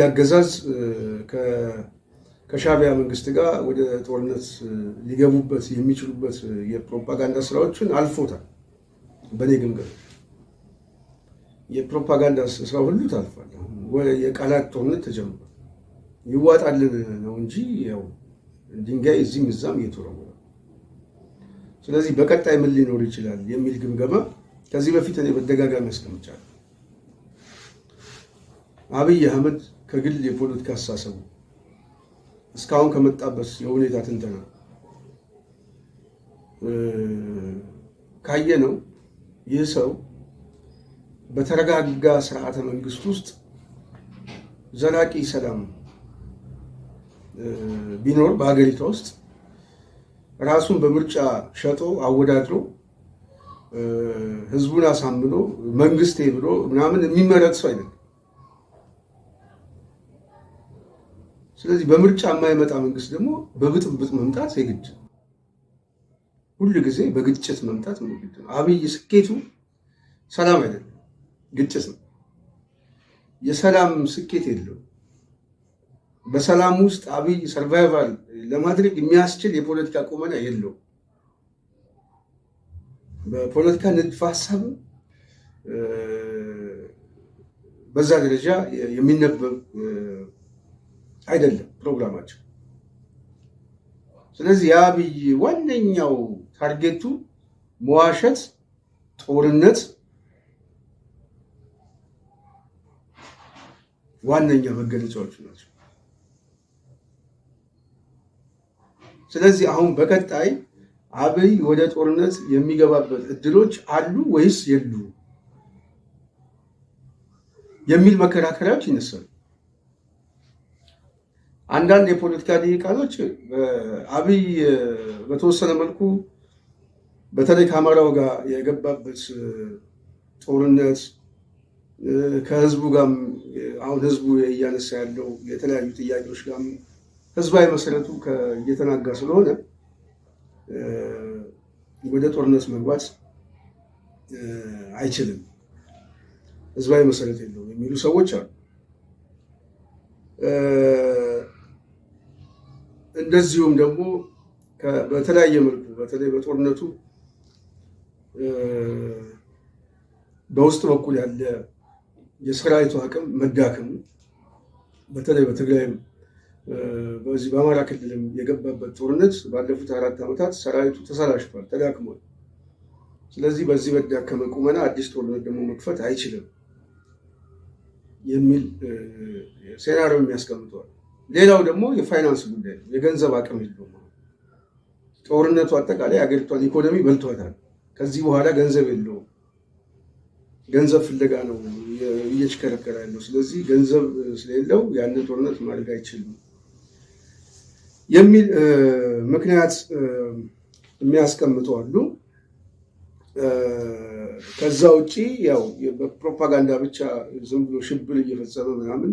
ያገዛዝ አገዛዝ መንግስት ጋር ወደ ጦርነት ሊገቡበት የሚችሉበት የፕሮፓጋንዳ ስራዎችን አልፎታል። በእኔ ግምገም የፕሮፓጋንዳ ስራ ሁሉ ታልፏል። የቃላት ጦርነት ተጀምሯል። ይዋጣልን ነው እንጂ ያው ድንጋይ እዚህም እዛም እየተወረወረ ስለዚህ በቀጣይ ምን ሊኖር ይችላል የሚል ግምገማ ከዚህ በፊት እኔ በደጋጋሚ አስቀምጫለሁ። አብይ አህመድ ከግል የፖለቲካ አስተሳሰቡ እስካሁን ከመጣበት የሁኔታ ትንተና ካየ ነው ይህ ሰው በተረጋጋ ስርዓተ መንግስት ውስጥ ዘላቂ ሰላም ቢኖር በሀገሪቷ ውስጥ ራሱን በምርጫ ሸጦ አወዳድሮ ህዝቡን አሳምኖ መንግስቴ ብሎ ምናምን የሚመረጥ ሰው አይደለም። ስለዚህ በምርጫ የማይመጣ መንግስት ደግሞ በብጥብጥ መምጣት የግድ ሁሉ ጊዜ በግጭት መምጣት ግድ ነው። አብይ ስኬቱ ሰላም አይደለም፣ ግጭት ነው። የሰላም ስኬት የለው። በሰላም ውስጥ አብይ ሰርቫይቫል ለማድረግ የሚያስችል የፖለቲካ ቁመና የለው። በፖለቲካ ንድፍ ሀሳብ በዛ ደረጃ የሚነበብ አይደለም ፕሮግራማቸው። ስለዚህ የአብይ ዋነኛው ታርጌቱ መዋሸት፣ ጦርነት ዋነኛ መገለጫዎቹ ናቸው። ስለዚህ አሁን በቀጣይ አብይ ወደ ጦርነት የሚገባበት እድሎች አሉ ወይስ የሉ የሚል መከራከሪያዎች ይነሳሉ። አንዳንድ የፖለቲካ ደቂቃሎች አብይ በተወሰነ መልኩ በተለይ ከአማራው ጋር የገባበት ጦርነት ከህዝቡ ጋም አሁን ህዝቡ እያነሳ ያለው የተለያዩ ጥያቄዎች ጋር ህዝባዊ መሰረቱ እየተናጋ ስለሆነ ወደ ጦርነት መግባት አይችልም፣ ህዝባዊ መሰረት የለውም የሚሉ ሰዎች አሉ። እንደዚሁም ደግሞ በተለያየ መልኩ በተለይ በጦርነቱ በውስጥ በኩል ያለ የሰራዊቱ አቅም መዳከሙ በተለይ በትግራይም በዚህ በአማራ ክልልም የገባበት ጦርነት ባለፉት አራት ዓመታት ሰራዊቱ ተሰላሽቷል፣ ተዳክሟል። ስለዚህ በዚህ መዳከመ ቁመና አዲስ ጦርነት ደግሞ መክፈት አይችልም የሚል ሴናሪዮ የሚያስቀምጠዋል። ሌላው ደግሞ የፋይናንስ ጉዳይ የገንዘብ አቅም የለውም። ጦርነቱ አጠቃላይ ሀገሪቷን ኢኮኖሚ በልቷታል። ከዚህ በኋላ ገንዘብ የለውም። ገንዘብ ፍለጋ ነው እየሽከረከረ ያለው። ስለዚህ ገንዘብ ስለሌለው ያንን ጦርነት ማድረግ አይችልም የሚል ምክንያት የሚያስቀምጡ አሉ። ከዛ ውጭ ያው በፕሮፓጋንዳ ብቻ ዝም ብሎ ሽብር እየፈጸመ ምናምን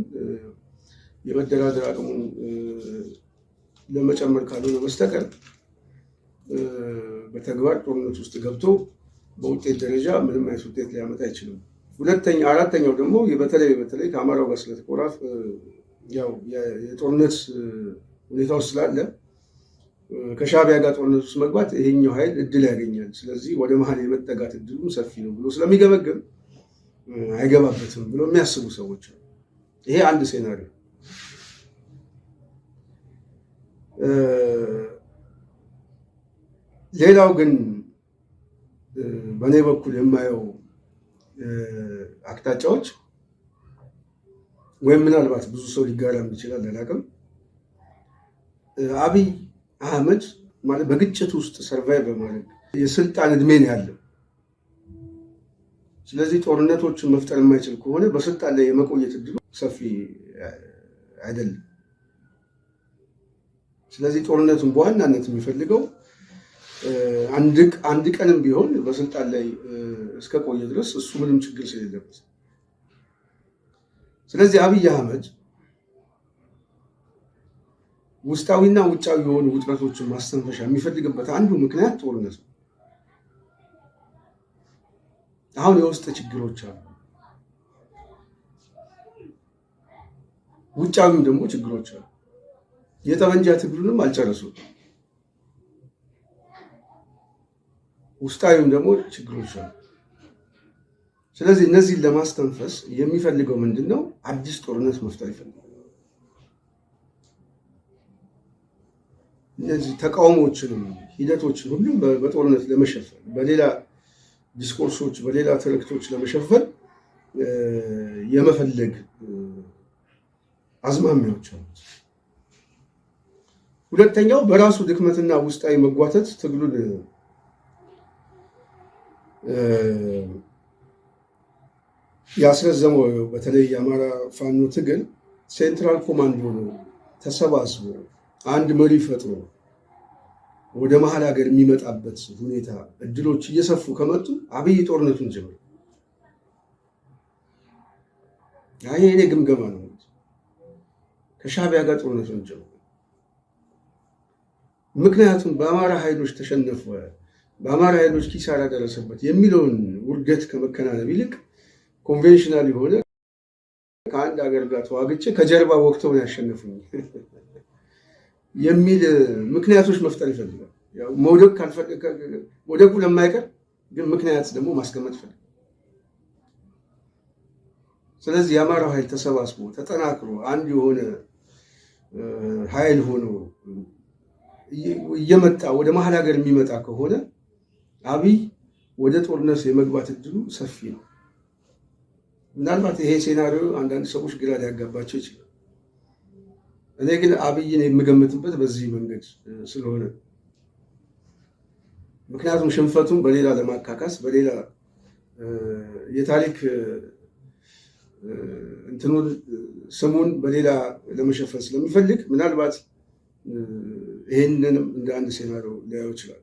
የመደራደር አቅሙን ለመጨመር ካልሆነ በስተቀር በተግባር ጦርነት ውስጥ ገብቶ በውጤት ደረጃ ምንም አይነት ውጤት ሊያመጣ አይችልም። ሁለተኛ አራተኛው ደግሞ በተለይ በተለይ ከአማራው ጋር ስለተቆራፍ ያው የጦርነት ሁኔታ ውስጥ ስላለ ከሻቢያ ጋር ጦርነት ውስጥ መግባት ይሄኛው ኃይል እድል ያገኛል። ስለዚህ ወደ መሀል የመጠጋት እድሉም ሰፊ ነው ብሎ ስለሚገመግም አይገባበትም ብሎ የሚያስቡ ሰዎች ነው። ይሄ አንድ ሴናሪዮ ሌላው ግን በእኔ በኩል የማየው አቅጣጫዎች ወይም ምናልባት ብዙ ሰው ሊጋራም ይችላል አላውቅም። አብይ አህመድ ማለት በግጭት ውስጥ ሰርቫይ በማድረግ የስልጣን እድሜ ነው ያለው። ስለዚህ ጦርነቶችን መፍጠር የማይችል ከሆነ በስልጣን ላይ የመቆየት እድሉ ሰፊ አይደለም። ስለዚህ ጦርነቱን በዋናነት የሚፈልገው አንድ ቀንም ቢሆን በስልጣን ላይ እስከቆየ ድረስ እሱ ምንም ችግር ስለሌለበት፣ ስለዚህ አብይ አህመድ ውስጣዊና ውጫዊ የሆኑ ውጥረቶችን ማስተንፈሻ የሚፈልግበት አንዱ ምክንያት ጦርነት ነው። አሁን የውስጥ ችግሮች አሉ፣ ውጫዊም ደግሞ ችግሮች አሉ። የጠመንጃ ትግሉንም አልጨረሱም። ውስጣዊም ደግሞ ችግሮች አሉ። ስለዚህ እነዚህን ለማስተንፈስ የሚፈልገው ምንድን ነው? አዲስ ጦርነት መፍጠር ይፈልጋል። እነዚህ ተቃውሞዎችንም ሂደቶችን ሁሉም በጦርነት ለመሸፈን በሌላ ዲስኮርሶች በሌላ ትርክቶች ለመሸፈን የመፈለግ አዝማሚያዎች አሉት። ሁለተኛው በራሱ ድክመትና ውስጣዊ መጓተት ትግሉን ያስረዘመው በተለይ የአማራ ፋኖ ትግል ሴንትራል ኮማንድ ሆኖ ተሰባስቦ አንድ መሪ ፈጥሮ ወደ መሀል ሀገር የሚመጣበት ሁኔታ እድሎች እየሰፉ ከመጡ አብይ ጦርነቱን ጀምር። ይሄ እኔ ግምገማ ነው። ከሻቢያ ጋር ጦርነቱን ጀምር ምክንያቱም በአማራ ኃይሎች ተሸነፈ፣ በአማራ ኃይሎች ኪሳራ ደረሰበት የሚለውን ውርደት ከመከናነብ ይልቅ ኮንቬንሽናል የሆነ ከአንድ ሀገር ጋር ተዋግቼ ከጀርባ ወቅተውን ያሸነፉኝ የሚል ምክንያቶች መፍጠር ይፈልጋል። መውደቁ ለማይቀር ግን ምክንያት ደግሞ ማስቀመጥ ይፈልጋል። ስለዚህ የአማራው ኃይል ተሰባስቦ ተጠናክሮ አንድ የሆነ ኃይል ሆኖ እየመጣ ወደ መሀል ሀገር የሚመጣ ከሆነ አብይ ወደ ጦርነት የመግባት እድሉ ሰፊ ነው። ምናልባት ይሄ ሴናሪዮ አንዳንድ ሰዎች ግራ ሊያጋባቸው ይችላል። እኔ ግን አብይን የምገምትበት በዚህ መንገድ ስለሆነ ምክንያቱም ሽንፈቱን በሌላ ለማካካስ በሌላ የታሪክ እንትኑን ስሙን በሌላ ለመሸፈን ስለሚፈልግ ምናልባት ይህንንም እንደ አንድ ሴናሪዮ ሊያዩ ይችላል።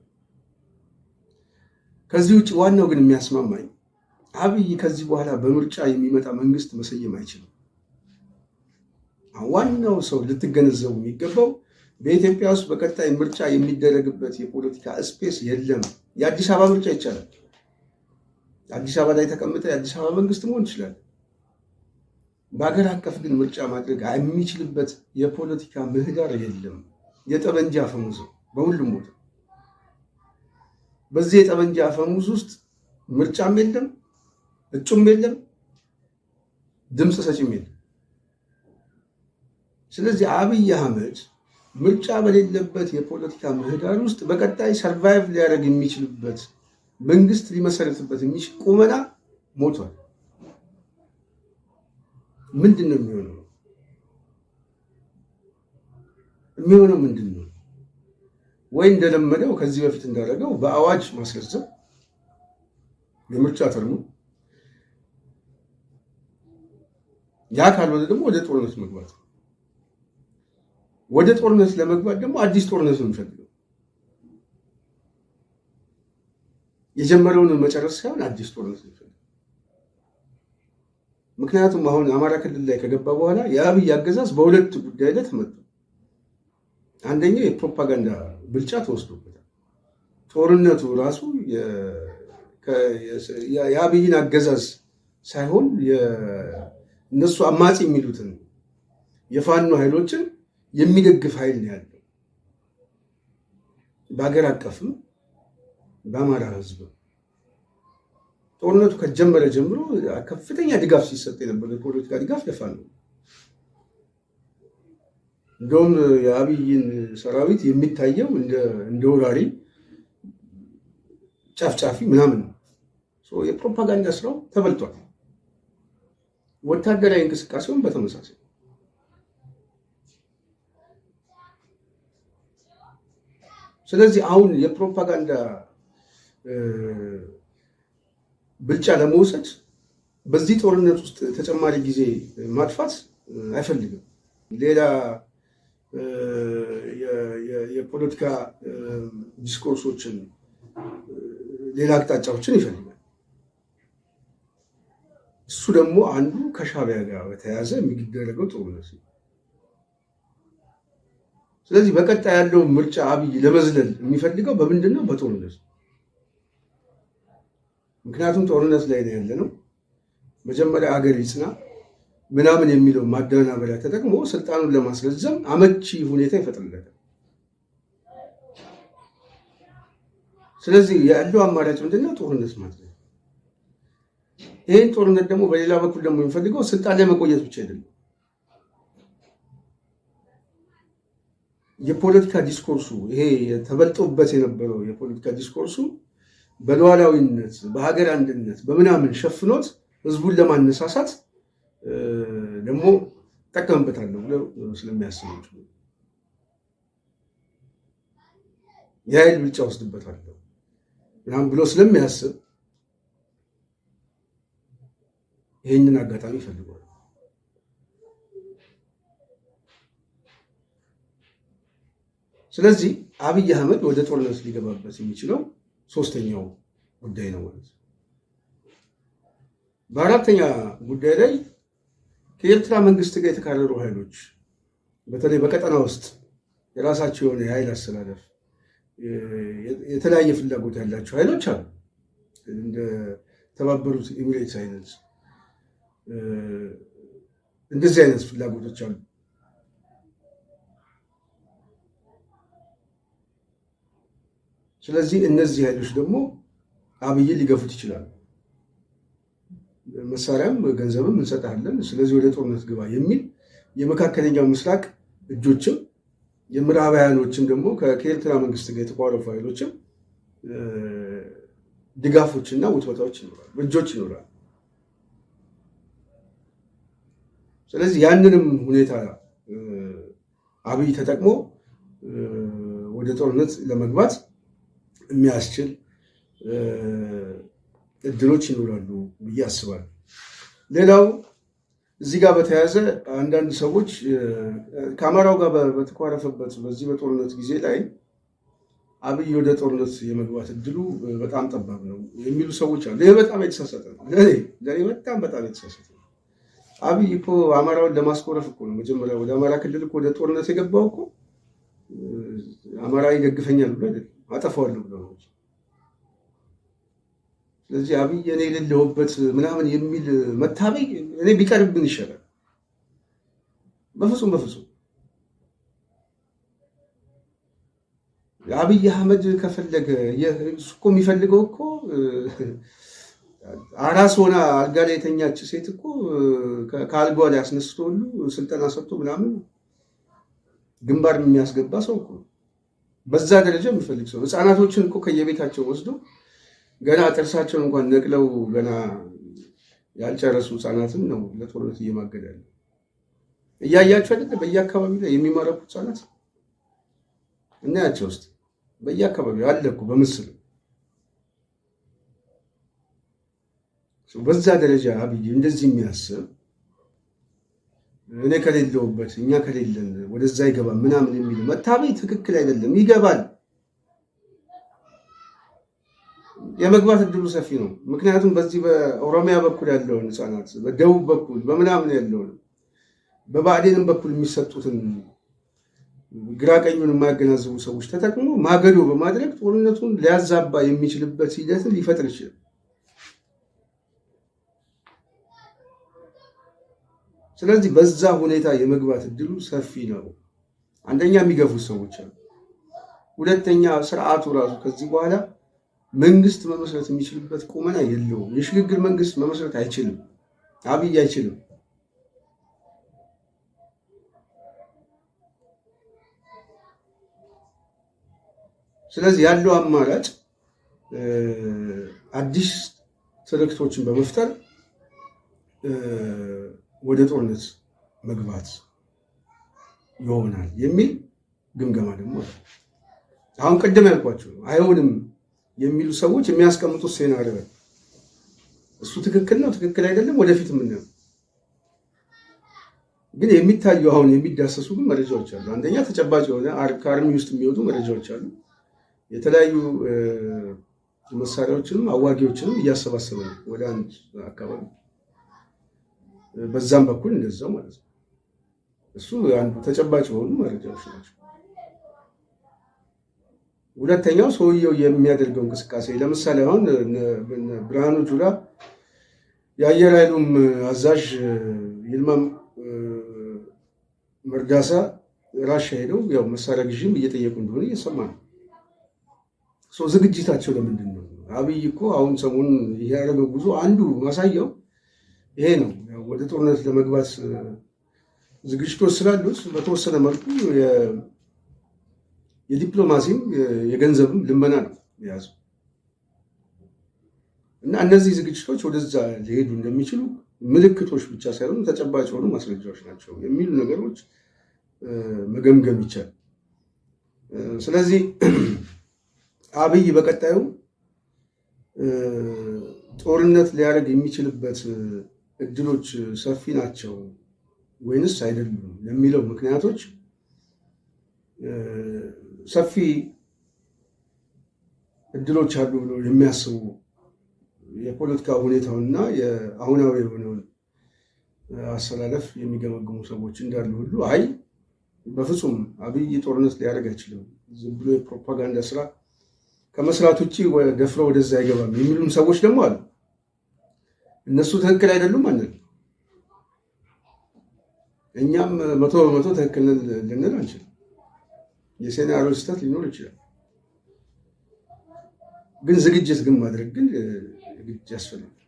ከዚህ ውጭ ዋናው ግን የሚያስማማኝ አብይ ከዚህ በኋላ በምርጫ የሚመጣ መንግስት መሰየም አይችልም። ዋናው ሰው ልትገነዘቡ የሚገባው በኢትዮጵያ ውስጥ በቀጣይ ምርጫ የሚደረግበት የፖለቲካ ስፔስ የለም። የአዲስ አበባ ምርጫ ይቻላል። አዲስ አበባ ላይ ተቀምጠ የአዲስ አበባ መንግስት መሆን ይችላል። በሀገር አቀፍ ግን ምርጫ ማድረግ የሚችልበት የፖለቲካ ምህዳር የለም። የጠመንጃ አፈሙዝ በሁሉም ቦታ። በዚህ የጠመንጃ አፈሙዝ ውስጥ ምርጫም የለም፣ እጩም የለም፣ ድምፅ ሰጪም የለም። ስለዚህ አብይ አህመድ ምርጫ በሌለበት የፖለቲካ ምህዳር ውስጥ በቀጣይ ሰርቫይቭ ሊያደርግ የሚችልበት መንግስት ሊመሰረትበት የሚችል ቁመና ሞቷል። ምንድን ነው የሚሆነው? የሚሆነው ምንድን ነው? ወይ እንደለመደው ከዚህ በፊት እንዳደረገው በአዋጅ ማስገዘብ የምርጫ ተርሙ፣ ያ ካልሆነ ደግሞ ወደ ጦርነት መግባት። ወደ ጦርነት ለመግባት ደግሞ አዲስ ጦርነት ነው የሚፈልገው። የጀመረውን መጨረስ ሳይሆን አዲስ ጦርነት ነው የሚፈልገው። ምክንያቱም አሁን አማራ ክልል ላይ ከገባ በኋላ የአብይ አገዛዝ በሁለት ጉዳይ ላይ ተመቷል። አንደኛው የፕሮፓጋንዳ ብልጫ ተወስዶበታል። ጦርነቱ ራሱ የአብይን አገዛዝ ሳይሆን እነሱ አማጺ የሚሉትን የፋኖ ኃይሎችን የሚደግፍ ኃይል ነው ያለው በሀገር አቀፍም በአማራ ህዝብ ጦርነቱ ከጀመረ ጀምሮ ከፍተኛ ድጋፍ ሲሰጥ የነበረ የፖለቲካ ድጋፍ ለፋኖ ነው። እንደውም የአብይን ሰራዊት የሚታየው እንደ ወራሪ ጫፍጫፊ ምናምን ነው። የፕሮፓጋንዳ ስራው ተበልቷል። ወታደራዊ እንቅስቃሴውን በተመሳሳይ ስለዚህ አሁን የፕሮፓጋንዳ ብልጫ ለመውሰድ በዚህ ጦርነት ውስጥ ተጨማሪ ጊዜ ማጥፋት አይፈልግም ሌላ የፖለቲካ ዲስኮርሶችን ሌላ አቅጣጫዎችን ይፈልጋል። እሱ ደግሞ አንዱ ከሻቢያ ጋር በተያያዘ የሚደረገው ጦርነት ነው። ስለዚህ በቀጣይ ያለው ምርጫ አብይ ለመዝለል የሚፈልገው በምንድን ነው? በጦርነት ነው። ምክንያቱም ጦርነት ላይ ነው ያለ ነው። መጀመሪያ አገር ይጽና ምናምን የሚለው ማደናበሪያ ተጠቅሞ ስልጣኑን ለማስገዘም አመቺ ሁኔታ ይፈጥርለታል። ስለዚህ ያለው አማራጭ ምንድነው? ጦርነት ማድረግ። ይህን ጦርነት ደግሞ በሌላ በኩል ደግሞ የሚፈልገው ስልጣን ላይ መቆየት ብቻ አይደለም። የፖለቲካ ዲስኮርሱ ይሄ ተበልጦበት የነበረው የፖለቲካ ዲስኮርሱ በሉዓላዊነት፣ በሀገር አንድነት፣ በምናምን ሸፍኖት ህዝቡን ለማነሳሳት ደግሞ እጠቀምበታለሁ ብለው ስለሚያስቡት የኃይል ብልጫ ወስድበታለሁ ምናምን ብሎ ስለሚያስብ ይህንን አጋጣሚ ይፈልጓል። ስለዚህ አብይ አህመድ ወደ ጦርነት ሊገባበት የሚችለው ሶስተኛው ጉዳይ ነው ማለት ነው። በአራተኛ ጉዳይ ላይ ከኤርትራ መንግስት ጋር የተካረሩ ኃይሎች በተለይ በቀጠና ውስጥ የራሳቸው የሆነ የኃይል አሰላለፍ የተለያየ ፍላጎት ያላቸው ኃይሎች አሉ። እንደ ተባበሩት ኤሚሬትስ አይነት እንደዚህ አይነት ፍላጎቶች አሉ። ስለዚህ እነዚህ ኃይሎች ደግሞ አብይን ሊገፉት ይችላሉ። መሳሪያም ገንዘብም እንሰጣለን፣ ስለዚህ ወደ ጦርነት ግባ የሚል የመካከለኛው ምስራቅ እጆችም የምዕራባውያኖችም ደግሞ ከኤርትራ መንግስት ጋር የተቋረፉ ኃይሎችም ድጋፎችና ውትወታዎች ይኖራሉ፣ እጆች ይኖራሉ። ስለዚህ ያንንም ሁኔታ አብይ ተጠቅሞ ወደ ጦርነት ለመግባት የሚያስችል እድሎች ይኖራሉ ብዬ አስባለሁ። ሌላው እዚህ ጋር በተያያዘ አንዳንድ ሰዎች ከአማራው ጋር በተኳረፈበት በዚህ በጦርነት ጊዜ ላይ አብይ ወደ ጦርነት የመግባት እድሉ በጣም ጠባብ ነው የሚሉ ሰዎች አሉ። ይህ በጣም የተሳሳተ ነው። በጣም በጣም የተሳሳተ ነው። አብይ እኮ አማራውን ለማስኮረፍ እኮ ነው መጀመሪያ ወደ አማራ ክልል እኮ ወደ ጦርነት የገባው እኮ አማራ ይደግፈኛል ብሎ አይደለም፣ አጠፋዋለሁ ብሎ ነው ስለዚህ አብይ እኔ የሌለሁበት ምናምን የሚል መታበይ እኔ ቢቀርብብን ይሻላል። በፍጹም በፍጹም አብይ አህመድ ከፈለገ እኮ የሚፈልገው እኮ አራስ ሆና አልጋ ላይ የተኛች ሴት እኮ ከአልጋ ላይ አስነስቶ ሁሉ ስልጠና ሰጥቶ ምናምን ግንባር የሚያስገባ ሰው እኮ በዛ ደረጃ የሚፈልግ ሰው ህፃናቶችን እኮ ከየቤታቸው ወስዶ ገና ጥርሳቸውን እንኳን ነቅለው ገና ያልጨረሱ ህፃናትን ነው ለጦርነት እየማገደ ያለ። እያያቸው አይደለ? በየአካባቢ ላይ የሚማረኩ ህፃናት እናያቸው ውስጥ በየአካባቢ አለ እኮ በምስል በዛ ደረጃ አብይ እንደዚህ የሚያስብ እኔ ከሌለውበት እኛ ከሌለን ወደዛ ይገባ ምናምን የሚል መታበይ ትክክል አይደለም። ይገባል የመግባት እድሉ ሰፊ ነው። ምክንያቱም በዚህ በኦሮሚያ በኩል ያለውን ህፃናት በደቡብ በኩል በምናምን ያለውን በባዕዴንም በኩል የሚሰጡትን ግራቀኙን የማያገናዝቡ ሰዎች ተጠቅሞ ማገዶ በማድረግ ጦርነቱን ሊያዛባ የሚችልበት ሂደትን ሊፈጥር ይችላል። ስለዚህ በዛ ሁኔታ የመግባት እድሉ ሰፊ ነው። አንደኛ የሚገፉት ሰዎች አሉ። ሁለተኛ ስርዓቱ ራሱ ከዚህ በኋላ መንግስት መመስረት የሚችልበት ቁመና የለውም። የሽግግር መንግስት መመስረት አይችልም። አብይ አይችልም። ስለዚህ ያለው አማራጭ አዲስ ትርክቶችን በመፍጠር ወደ ጦርነት መግባት ይሆናል የሚል ግምገማ ደግሞ አሁን ቅድም ያልኳቸው አይሆንም የሚሉ ሰዎች የሚያስቀምጡት ሴናሪ ነው። እሱ ትክክል ነው፣ ትክክል አይደለም፣ ወደፊት የምናየው ግን የሚታዩ አሁን የሚዳሰሱ ግን መረጃዎች አሉ። አንደኛ ተጨባጭ የሆነ ከአርሚ ውስጥ የሚወጡ መረጃዎች አሉ። የተለያዩ መሳሪያዎችንም አዋጊዎችንም እያሰባሰበ ነው ወደ አንድ አካባቢ፣ በዛም በኩል እንደዛው ማለት ነው። እሱ አንዱ ተጨባጭ የሆኑ መረጃዎች ናቸው። ሁለተኛው ሰውየው የሚያደርገው እንቅስቃሴ ለምሳሌ አሁን ብርሃኑ ጁላ የአየር ኃይሉም አዛዥ ይልማም መርዳሳ ራሻ ሄደው ያው መሳሪያ ግዥም እየጠየቁ እንደሆነ እየሰማ ነው። ሰው ዝግጅታቸው ለምንድን ነው? አብይ እኮ አሁን ሰሞኑን ያደረገው ጉዞ አንዱ ማሳያው ይሄ ነው። ወደ ጦርነት ለመግባት ዝግጅቶች ስላሉት በተወሰነ መልኩ የዲፕሎማሲም የገንዘብም ልመና ነው የያዙ እና እነዚህ ዝግጅቶች ወደዛ ሊሄዱ እንደሚችሉ ምልክቶች ብቻ ሳይሆኑ ተጨባጭ የሆኑ ማስረጃዎች ናቸው የሚሉ ነገሮች መገምገም ይቻላል። ስለዚህ አብይ በቀጣዩ ጦርነት ሊያደርግ የሚችልበት እድሎች ሰፊ ናቸው ወይንስ አይደሉም ለሚለው ምክንያቶች ሰፊ እድሎች አሉ ብሎ የሚያስቡ የፖለቲካ እና የአሁናዊ የሆነውን አሰላለፍ የሚገመግሙ ሰዎች እንዳሉ ሁሉ አይ በፍጹም አብይ ጦርነት ሊያደርግ አይችልም፣ ዝም ብሎ የፕሮፓጋንዳ ስራ ከመስራት ውጭ ደፍሮ ወደዛ አይገባም የሚሉም ሰዎች ደግሞ አሉ። እነሱ ትክክል አይደሉም አንል፣ እኛም መቶ በመቶ ትክክል ልንል አንችልም። የሴናሪዮ ስህተት ሊኖር ይችላል። ግን ዝግጅት ግን ማድረግ ግን ዝግጅት ያስፈልጋል።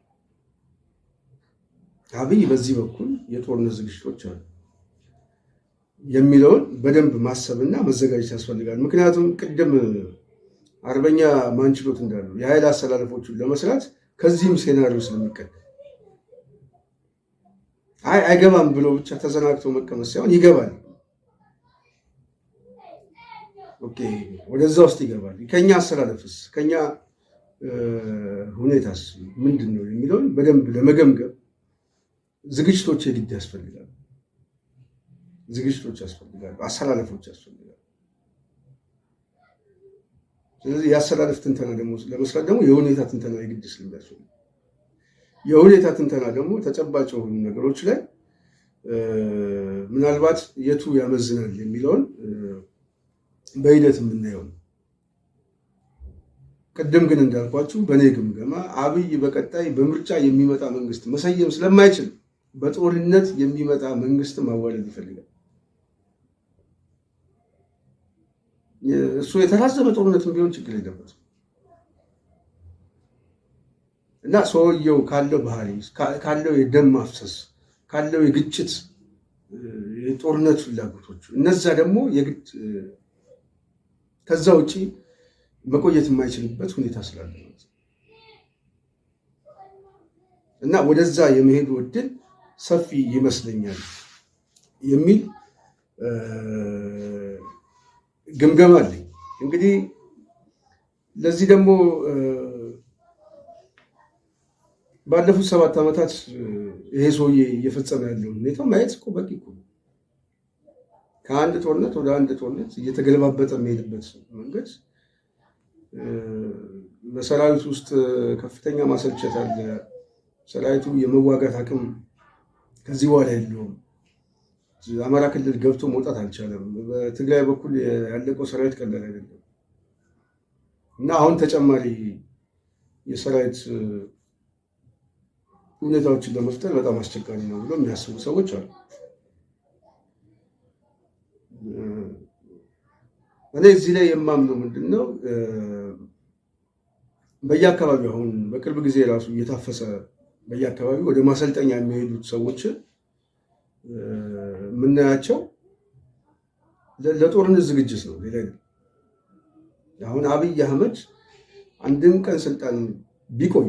አብይ በዚህ በኩል የጦርነት ዝግጅቶች አሉ የሚለውን በደንብ ማሰብና መዘጋጀት ያስፈልጋል። ምክንያቱም ቅድም አርበኛ ማንችሎት እንዳሉ የኃይል አሰላለፎችን ለመስራት ከዚህም ሴናሪዮ ስለሚቀደም አይ አይገባም ብሎ ብቻ ተዘናግቶ መቀመጥ ሳይሆን ይገባል ወደዛ ውስጥ ይገባል። ከኛ አሰላለፍስ ከኛ ሁኔታስ ምንድን ነው የሚለውን በደንብ ለመገምገም ዝግጅቶች የግድ ያስፈልጋል። ዝግጅቶች ያስፈልጋሉ፣ አሰላለፎች ያስፈልጋሉ። ስለዚህ የአሰላለፍ ትንተና ደግሞ ለመስራት ደግሞ የሁኔታ ትንተና የግድ ስለሚያስፈልግ የሁኔታ ትንተና ደግሞ ተጨባጭ የሆኑ ነገሮች ላይ ምናልባት የቱ ያመዝናል የሚለውን በሂደት የምናየው ነው። ቅድም ግን እንዳልኳችሁ በእኔ ግምገማ አብይ በቀጣይ በምርጫ የሚመጣ መንግስት መሰየም ስለማይችል በጦርነት የሚመጣ መንግስት ማዋለድ ይፈልጋል። እሱ የተራዘመ ጦርነትም ቢሆን ችግር የለበትም እና ሰውየው ካለው ባህሪ፣ ካለው የደም ማፍሰስ፣ ካለው የግጭት የጦርነት ፍላጎቶች እነዛ ደግሞ የግድ ከዛ ውጭ መቆየት የማይችልበት ሁኔታ ስላለ እና ወደዛ የመሄዱ እድል ሰፊ ይመስለኛል የሚል ግምገማ አለኝ። እንግዲህ ለዚህ ደግሞ ባለፉት ሰባት ዓመታት ይሄ ሰውዬ እየፈጸመ ያለውን ሁኔታ ማየት እኮ በቂ ከአንድ ጦርነት ወደ አንድ ጦርነት እየተገለባበጠ የሚሄድበት መንገድ በሰራዊት ውስጥ ከፍተኛ ማሰልቸት አለ። ሰራዊቱ የመዋጋት አቅም ከዚህ በኋላ የለውም። አማራ ክልል ገብቶ መውጣት አልቻለም። በትግራይ በኩል ያለቀው ሰራዊት ቀላል አይደለም እና አሁን ተጨማሪ የሰራዊት ሁኔታዎችን ለመፍጠር በጣም አስቸጋሪ ነው ብሎ የሚያስቡ ሰዎች አሉ። እኔ እዚህ ላይ የማምነው ምንድን ነው በየአካባቢው አሁን በቅርብ ጊዜ ራሱ እየታፈሰ በየአካባቢው ወደ ማሰልጠኛ የሚሄዱት ሰዎች የምናያቸው ለጦርነት ዝግጅት ነው። ሌላ አሁን አብይ አህመድ አንድም ቀን ስልጣን ቢቆይ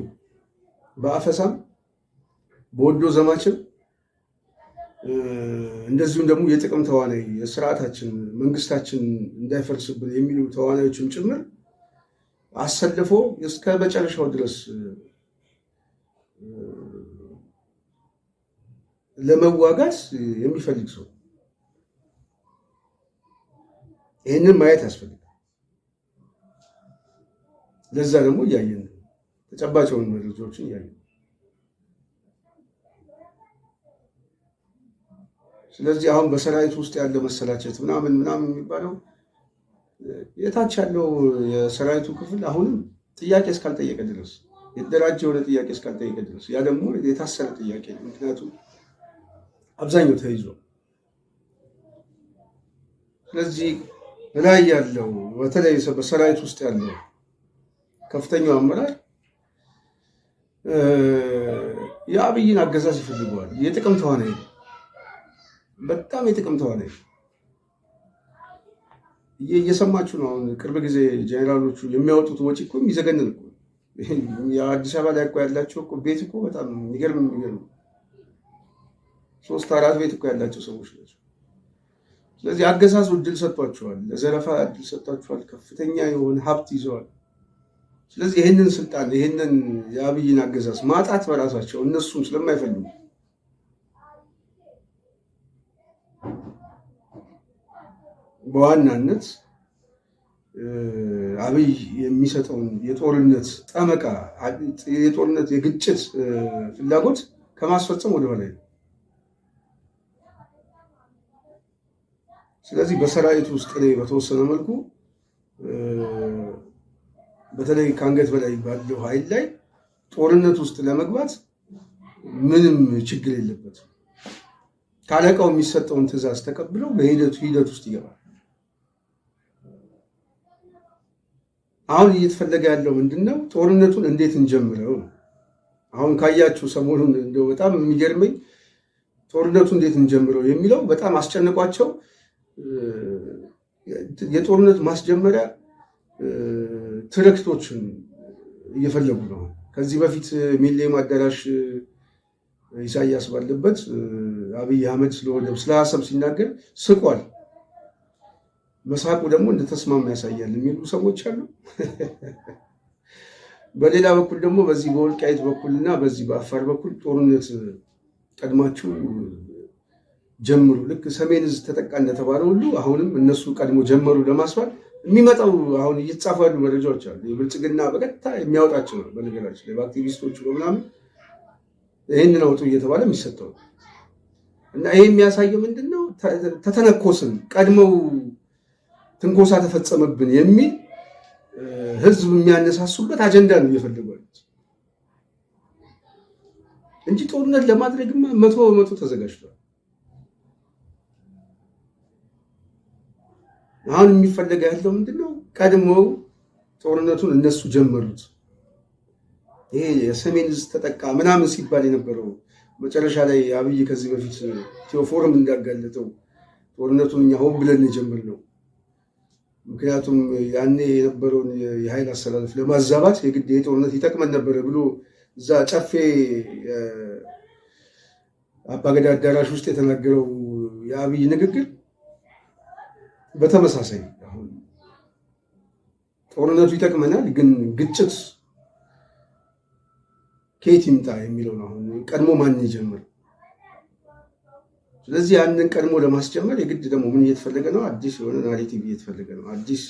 በአፈሳም በወዶ ዘማችም እንደዚሁም ደግሞ የጥቅም ተዋናይ የስርዓታችን መንግስታችን እንዳይፈርስብን የሚሉ ተዋናዮችን ጭምር አሰልፎ እስከ መጨረሻው ድረስ ለመዋጋት የሚፈልግ ሰው ይህንን ማየት ያስፈልጋል። ለዛ ደግሞ እያየን ተጨባጭ የሆኑ መረጃዎችን እያየን ስለዚህ አሁን በሰራዊት ውስጥ ያለ መሰላቸት ምናምን ምናምን የሚባለው የታች ያለው የሰራዊቱ ክፍል አሁንም ጥያቄ እስካልጠየቀ ድረስ የተደራጀ የሆነ ጥያቄ እስካልጠየቀ ድረስ ያ ደግሞ የታሰረ ጥያቄ ነው። ምክንያቱም አብዛኛው ተይዞ ስለዚህ እላይ ያለው በተለይ በሰራዊት ውስጥ ያለው ከፍተኛው አመራር የአብይን አገዛዝ ይፈልገዋል። የጥቅም ተዋናይ በጣም የጥቅም ተዋናይ እየሰማችሁ ነው። አሁን ቅርብ ጊዜ ጀኔራሎቹ የሚያወጡት ወጪ እኮ የሚዘገንን እኮ የአዲስ አበባ ላይ እኮ ያላቸው እኮ ቤት እኮ በጣም የሚገርም የሚገርም ሶስት አራት ቤት እኮ ያላቸው ሰዎች ናቸው። ስለዚህ አገዛዙ እድል ሰጥቷቸዋል፣ ለዘረፋ እድል ሰጥቷቸዋል። ከፍተኛ የሆነ ሀብት ይዘዋል። ስለዚህ ይህንን ስልጣን ይህንን የአብይን አገዛዝ ማጣት በራሳቸው እነሱም ስለማይፈልጉ በዋናነት አብይ የሚሰጠውን የጦርነት ጠመቃ የጦርነት የግጭት ፍላጎት ከማስፈጸም ወደ በላይ ነው። ስለዚህ በሰራዊት ውስጥ ላይ በተወሰነ መልኩ በተለይ ከአንገት በላይ ባለው ኃይል ላይ ጦርነት ውስጥ ለመግባት ምንም ችግር የለበትም። ከአለቃው የሚሰጠውን ትዕዛዝ ተቀብለው በሂደቱ ሂደት ውስጥ ይገባል። አሁን እየተፈለገ ያለው ምንድን ነው? ጦርነቱን እንዴት እንጀምረው። አሁን ካያችሁ ሰሞኑን እንደው በጣም የሚገርመኝ ጦርነቱ እንዴት እንጀምረው የሚለው በጣም አስጨንቋቸው የጦርነት ማስጀመሪያ ትርክቶችን እየፈለጉ ነው። ከዚህ በፊት ሚሌኒየም አዳራሽ ኢሳያስ ባለበት አብይ አህመድ ስለሆነ ስለ ሀሳብ ሲናገር ስቋል። መሳቁ ደግሞ እንደተስማማ ያሳያል የሚሉ ሰዎች አሉ። በሌላ በኩል ደግሞ በዚህ በወልቃይት በኩል እና በዚህ በአፋር በኩል ጦርነት ቀድማችሁ ጀምሩ፣ ልክ ሰሜን እዝ ተጠቃ እንደተባለ ሁሉ አሁንም እነሱ ቀድሞ ጀመሩ ለማስባል የሚመጣው አሁን እየተጻፉ ያሉ መረጃዎች አሉ። የብልጽግና በቀጥታ የሚያወጣቸው ነው። በነገራችን ላይ በአክቲቪስቶቹ በምናምን ይህንን አውጡ እየተባለ የሚሰጠው እና ይህ የሚያሳየው ምንድን ነው? ተተነኮስን፣ ቀድመው ትንኮሳ ተፈጸመብን የሚል ህዝብ የሚያነሳሱበት አጀንዳ ነው እየፈለጉ እንጂ ጦርነት ለማድረግማ መቶ በመቶ ተዘጋጅቷል። አሁን የሚፈለገ ያለው ምንድነው? ቀድመው ጦርነቱን እነሱ ጀመሩት። ይሄ የሰሜን ዕዝ ተጠቃ ምናምን ሲባል የነበረው መጨረሻ ላይ አብይ ከዚህ በፊት ቴዎፎርም እንዳጋለጠው ጦርነቱን እኛ ሆን ብለን ነው። ምክንያቱም ያኔ የነበረውን የኃይል አሰላለፍ ለማዛባት የግድ ጦርነት ይጠቅመን ነበረ ብሎ እዛ ጨፌ አባገዳ አዳራሽ ውስጥ የተናገረው የአብይ ንግግር በተመሳሳይ አሁን ጦርነቱ ይጠቅመናል፣ ግን ግጭት ከየት ይምጣ ነው። አሁን ቀድሞ ማን ይጀምር? ስለዚህ ያንን ቀድሞ ለማስጀመር የግድ ደግሞ ምን እየተፈለገ ነው? አዲስ የሆነ ናሬቲቭ እየተፈለገ ነው። አዲስ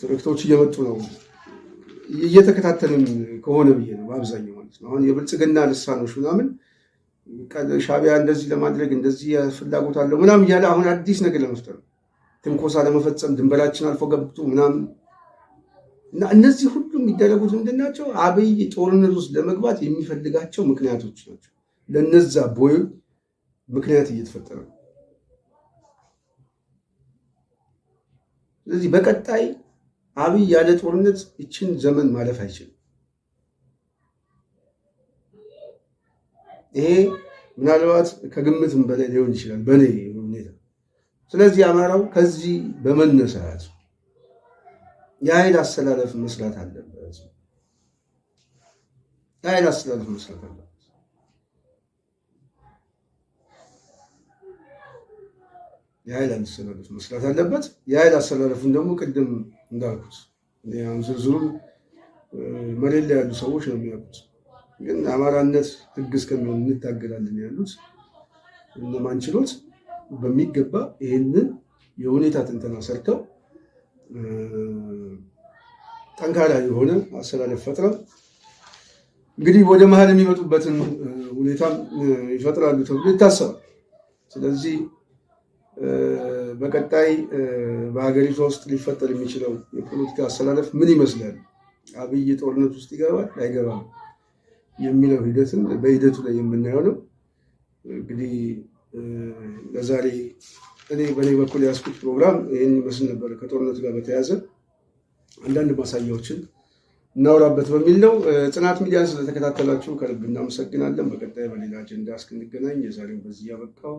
ትርክቶች እየመጡ ነው። እየተከታተልን ከሆነ ብዬ ነው በአብዛኛው ማለት ነው። አሁን የብልጽግና ልሳኖች ምናምን ሻቢያ እንደዚህ ለማድረግ እንደዚህ ፍላጎት አለው ምናምን እያለ አሁን አዲስ ነገር ለመፍጠር ትንኮሳ ለመፈጸም ድንበራችን አልፎ ገብቶ ምናምን እና እነዚህ ሁሉ የሚደረጉት ምንድን ናቸው? አብይ ጦርነት ውስጥ ለመግባት የሚፈልጋቸው ምክንያቶች ናቸው። ለነዛ ቦይ ምክንያት እየተፈጠረ ነው። ስለዚህ በቀጣይ አብይ ያለ ጦርነት ይችን ዘመን ማለፍ አይችልም። ይሄ ምናልባት ከግምትም በላይ ሊሆን ይችላል በእኔ ሁኔታ። ስለዚህ አማራው ከዚህ በመነሳት የኃይል አሰላለፍ መስራት አለበት። የኃይል አሰላለፍ መስራት አለበት። የኃይል አሰላለፍ መስራት አለበት። የኃይል አሰላለፍን ደግሞ ቅድም እንዳልኩት ዝርዝሩ መሬት ላይ ያሉ ሰዎች ነው የሚያውቁት። ግን አማራነት ህግ እስከሚሆን እንታገላለን ያሉት እነማን ችሎት በሚገባ ይህንን የሁኔታ ትንተና ሰርተው ጠንካራ የሆነ አሰላለፍ ፈጥረው እንግዲህ ወደ መሀል የሚመጡበትን ሁኔታም ይፈጥራሉ ተብሎ ይታሰባል። ስለዚህ በቀጣይ በሀገሪቷ ውስጥ ሊፈጠር የሚችለው የፖለቲካ አሰላለፍ ምን ይመስላል፣ አብይ ጦርነት ውስጥ ይገባል አይገባም የሚለው ሂደትን በሂደቱ ላይ የምናየው ነው። እንግዲህ ለዛሬ እኔ በእኔ በኩል ያስኩት ፕሮግራም ይህን ይመስል ነበር። ከጦርነቱ ጋር በተያያዘ አንዳንድ ማሳያዎችን እናውራበት በሚል ነው። ጽናት ሚዲያ ስለተከታተላችሁ ከልብ እናመሰግናለን። በቀጣይ በሌላ አጀንዳ እስክንገናኝ የዛሬው በዚህ ያበቃው።